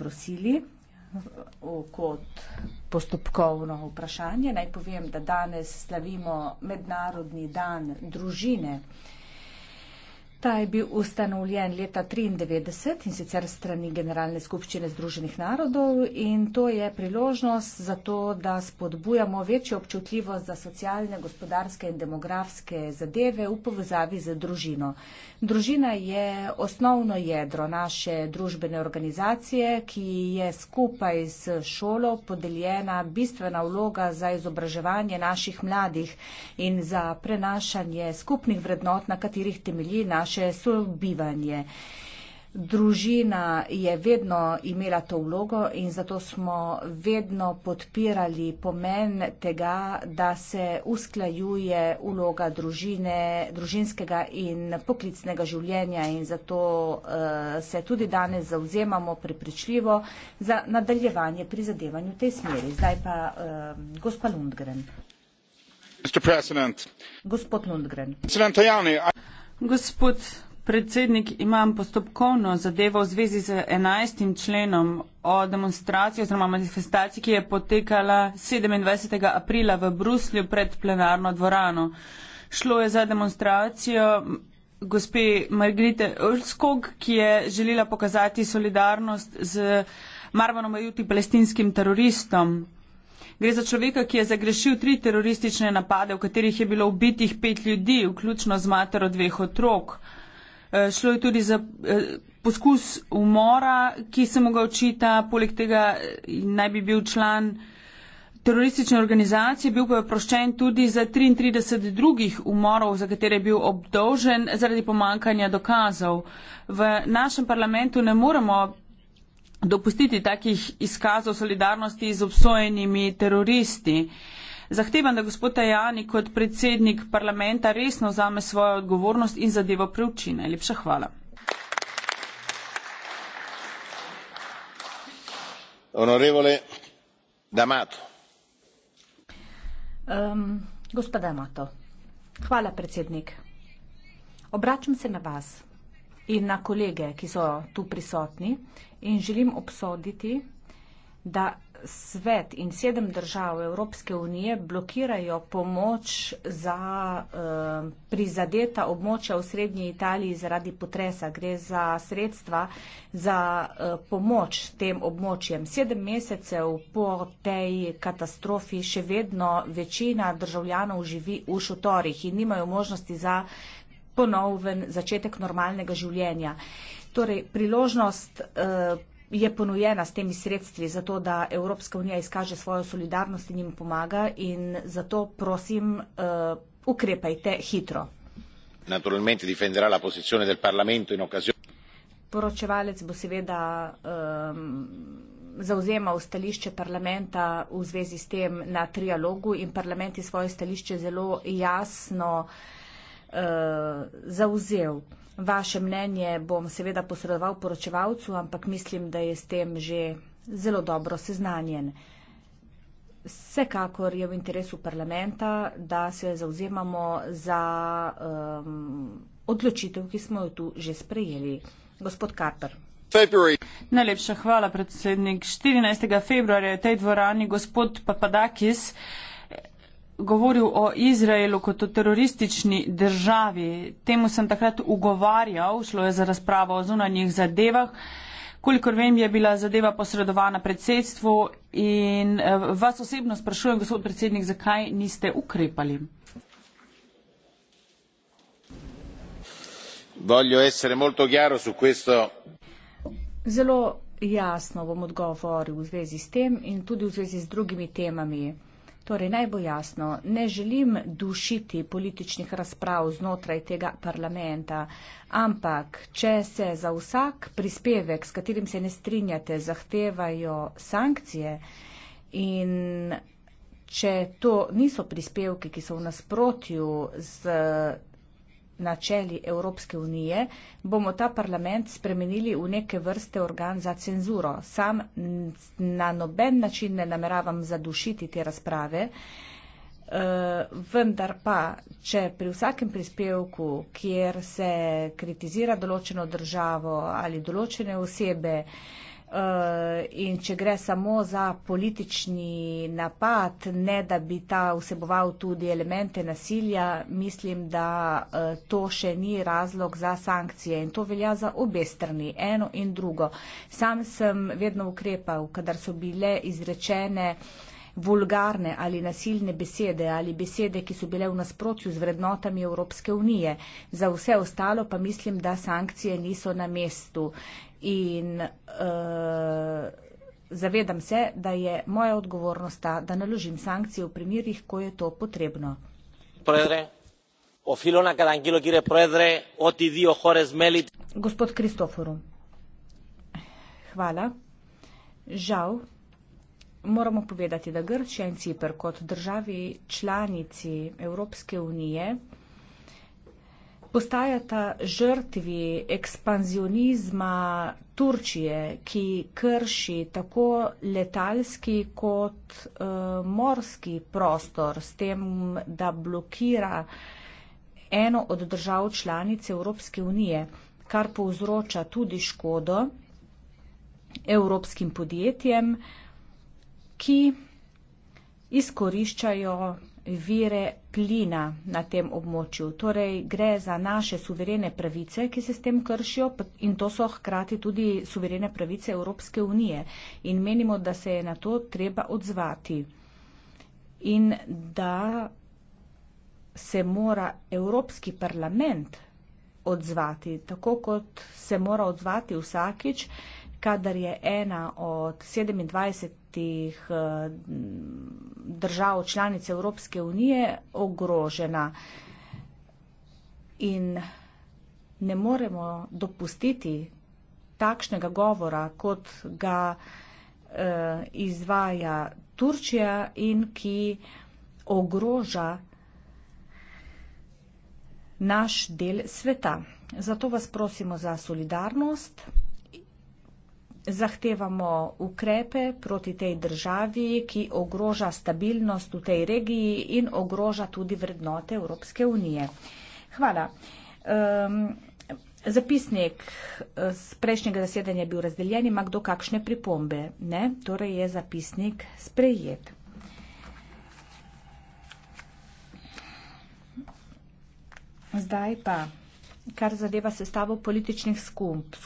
prosili kot postopkovno vprašanje. Naj povem, da danes slavimo mednarodni dan družine. Ta je bil ustanovljen leta 1993 in sicer strani Generalne skupščine Združenih narodov in to je priložnost za to, da spodbujamo večjo občutljivost za socialne, gospodarske in demografske zadeve v povezavi z družino. Družina je osnovno jedro naše družbene organizacije, ki je skupaj s šolo podeljena bistvena vloga za izobraževanje naših mladih in za prenašanje skupnih vrednot, na katerih temelji naš naše sobivanje. Družina je vedno imela to vlogo in zato smo vedno podpirali pomen tega, da se usklajuje vloga družine, družinskega in poklicnega življenja in zato uh, se tudi danes zauzemamo prepričljivo za nadaljevanje prizadevanju v tej smeri. Zdaj pa uh, gospa Lundgren. Gospod Lundgren. Gospod predsednik, imam postopkovno zadevo v zvezi z enajstim členom o demonstraciji oziroma manifestaciji, ki je potekala sedemindvajsetega aprila v Bruslju pred plenarno dvorano. Šlo je za demonstracijo gospe Margrite Ulskog, ki je želela pokazati solidarnost z Marvanom Majuti palestinskim teroristom. Gre za človeka, ki je zagrešil tri teroristične napade, v katerih je bilo ubitih pet ljudi, vključno z matero dveh otrok. Eh, šlo je tudi za eh, poskus umora, ki se mu ga očita, poleg tega eh, naj bi bil član teroristične organizacije, bil pa je proščen tudi za 33 drugih umorov, za katere je bil obdolžen zaradi pomankanja dokazov. V našem parlamentu ne moremo dopustiti takih izkazov solidarnosti z obsojenimi teroristi. Zahtevam, da gospod Tajani kot predsednik parlamenta resno vzame svojo odgovornost in zadevo preuči. Najlepša hvala. Onorevole D'Amato. Um, gospod D'Amato, hvala, predsednik. Obračam se na vas in na kolege, ki so tu prisotni. In želim obsoditi, da svet in sedem držav Evropske unije blokirajo pomoč za eh, prizadeta območja v srednji Italiji zaradi potresa. Gre za sredstva za eh, pomoč tem območjem. Sedem mesecev po tej katastrofi še vedno večina državljanov živi v šotorih in nimajo možnosti za ponoven začetek normalnega življenja. Torej, priložnost eh, je ponujena s temi sredstvi za to, da Evropska unija izkaže svojo solidarnost in jim pomaga in zato prosim, eh, ukrepajte hitro. Poročevalec bo seveda um, ehm, zauzemal stališče parlamenta v zvezi s tem na trialogu in parlament je svoje stališče zelo jasno uh, Eh, zauzel. Vaše mnenje bom seveda posredoval poročevalcu, ampak mislim, da je s tem že zelo dobro seznanjen. Vsekakor je v interesu parlamenta, da se zauzemamo za um, odločitev, ki smo jo tu že sprejeli. Gospod Karper. Najlepša hvala, predsednik. 14. februarja je v tej dvorani gospod Papadakis govoril o Izraelu kot o teroristični državi. Temu sem takrat ugovarjal, šlo je za razpravo o zunanjih zadevah. Kolikor vem, je bila zadeva posredovana predsedstvu in eh, vas osebno sprašujem, gospod predsednik, zakaj niste ukrepali? Zelo jasno bom odgovoril v zvezi s tem in tudi v zvezi z drugimi temami. Torej, naj bo jasno, ne želim dušiti političnih razprav znotraj tega parlamenta, ampak če se za vsak prispevek, s katerim se ne strinjate, zahtevajo sankcije in če to niso prispevki, ki so v nasprotju z načeli Evropske unije, bomo ta parlament spremenili v neke vrste organ za cenzuro. Sam na noben način ne nameravam zadušiti te razprave, eh, vendar pa, če pri vsakem prispevku, kjer se kritizira določeno državo ali določene osebe, Eh, in če gre samo za politični napad, ne da bi ta vseboval tudi elemente nasilja, mislim, da eh, to še ni razlog za sankcije in to velja za obe strani, eno in drugo. Sam sem vedno ukrepal, kadar so bile izrečene uh, vulgarne ali nasilne besede ali besede, ki so bile v nasprotju z vrednotami Evropske unije. Za vse ostalo pa mislim, da sankcije niso na mestu. In uh, zavedam se, da je moja odgovornost ta, da naložim sankcije v primerjih, ko je to potrebno. Predre. Ofilo na karangilo, kire predre, oti dio hore zmelit. Gospod Kristoforu, hvala. Žal, Moramo povedati, da Grčija in Cipr kot državi članici Evropske unije postajata žrtvi ekspanzionizma Turčije, ki krši tako letalski kot uh, morski prostor s tem, da blokira eno od držav članice Evropske unije, kar povzroča tudi škodo evropskim podjetjem, uh, ki izkoriščajo vire plina na tem območju. Torej gre za naše suverene pravice, ki se s tem kršijo in to so hkrati tudi suverene pravice Evropske unije. In menimo, da se je na to treba odzvati in da se mora Evropski parlament odzvati, tako kot se mora odzvati vsakič, kadar je ena od 27 eh, držav članic Evropske unije ogrožena. In ne moremo dopustiti takšnega govora, kot ga eh, izvaja Turčija in ki ogroža naš del sveta. Zato vas prosimo za solidarnost zahtevamo ukrepe proti tej državi, ki ogroža stabilnost v tej regiji in ogroža tudi vrednote Evropske unije. Hvala. Um, zapisnik z eh, prejšnjega zasedanja je bil razdeljen, ima kdo kakšne pripombe? Ne, torej je zapisnik sprejet. Zdaj pa, kar zadeva sestavo političnih skupin.